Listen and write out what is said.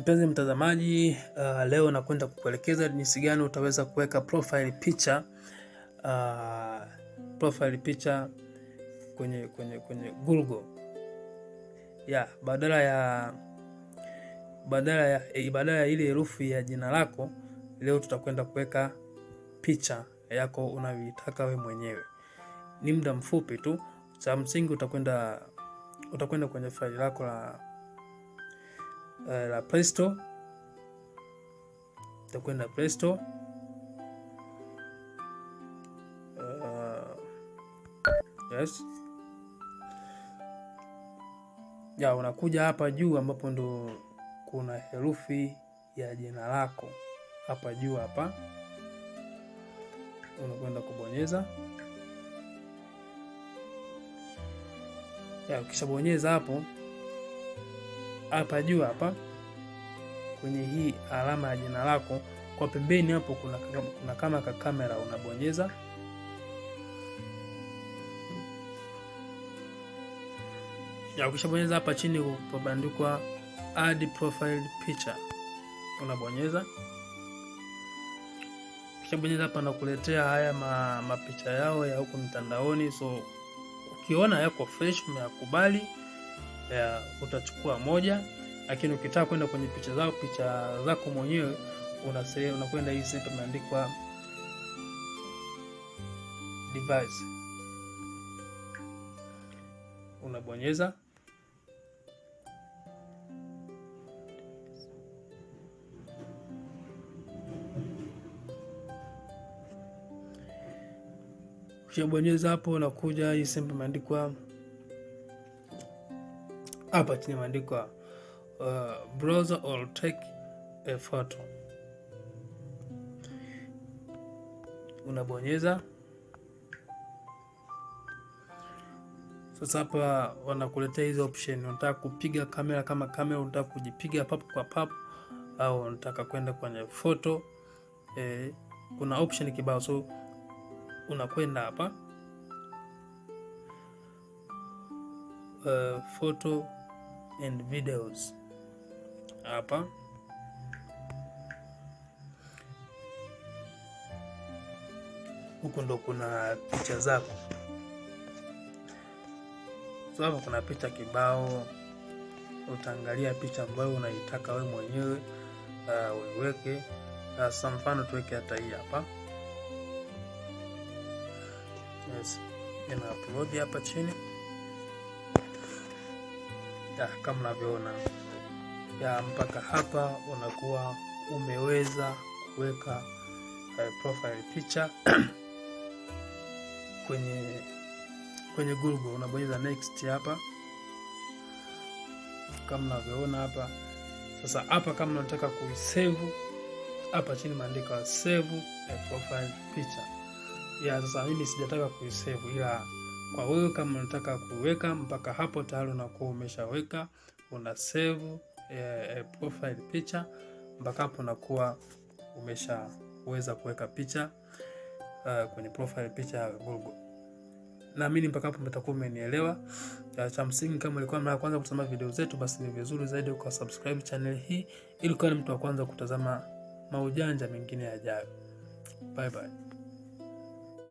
Mpenzi mtazamaji, uh, leo nakwenda kukuelekeza jinsi gani utaweza kuweka profile picha uh, profile picha kwenye kwenye kwenye Google yeah, badala ya badala ya eh, badala ya ile herufi ya jina lako, leo tutakwenda kuweka picha yako unayoitaka we mwenyewe. Ni muda mfupi tu, cha msingi utakwenda utakwenda kwenye faili lako la uh, la Play Store. Utakwenda Play Store uh, yes. Ya, unakuja hapa juu ambapo ndo kuna herufi ya jina lako hapa juu hapa, unakwenda kubonyeza. Ya, ukishabonyeza hapo hapa juu hapa kwenye hii alama ya jina lako kwa pembeni hapo kuna, kuna kama ka kamera unabonyeza. Ukishabonyeza hapa chini pabandikwa add profile picture unabonyeza. Ukishabonyeza hapa nakuletea haya mapicha ma yao ya huko mtandaoni, so ukiona yako fresh umeyakubali uh, utachukua moja, lakini ukitaka kwenda kwenye picha zao picha zako mwenyewe unasema unakwenda sehemu imeandikwa device, unabonyeza Ukishabonyeza hapo unakuja hii sehemu imeandikwa hapa chini imeandikwa uh, browser or take a photo. Unabonyeza sasa, hapa wanakuletea hizo option. Unataka kupiga kamera kama kamera, unataka kujipiga papo kwa papo, au unataka kwenda kwenye photo eh, kuna option kibao, so unakwenda hapa uh, photo and videos hapa huku ndo kuna picha zako. So hapa kuna picha kibao, utaangalia picha ambayo unaitaka wewe mwenyewe uh, uiweke. Uh, sasa uh, mfano tuweke hata hii hapa yes, ina upload hapa chini ya, kama unavyoona ya mpaka hapa unakuwa umeweza kuweka uh, profile picture kwenye kwenye Google unabonyeza next hapa, kama unavyoona hapa. Sasa hapa kama unataka kuisave hapa chini maandiko save profile picture ya sasa. Mimi sijataka kuisave ila kwa hiyo kama unataka kuweka mpaka hapo tayari unakuwa umeshaweka, una save eh, eh profile picha mpaka hapo unakuwa umeshaweza kuweka picha uh, eh, kwenye profile picha ya Google. Naamini mpaka hapo mtakuwa umenielewa. Cha msingi, kama ulikuwa mara ya kwanza kutazama video zetu, basi ni vizuri zaidi uka subscribe channel hii ili ni mtu wa kwanza kutazama maujanja mengine yajayo. Bye bye.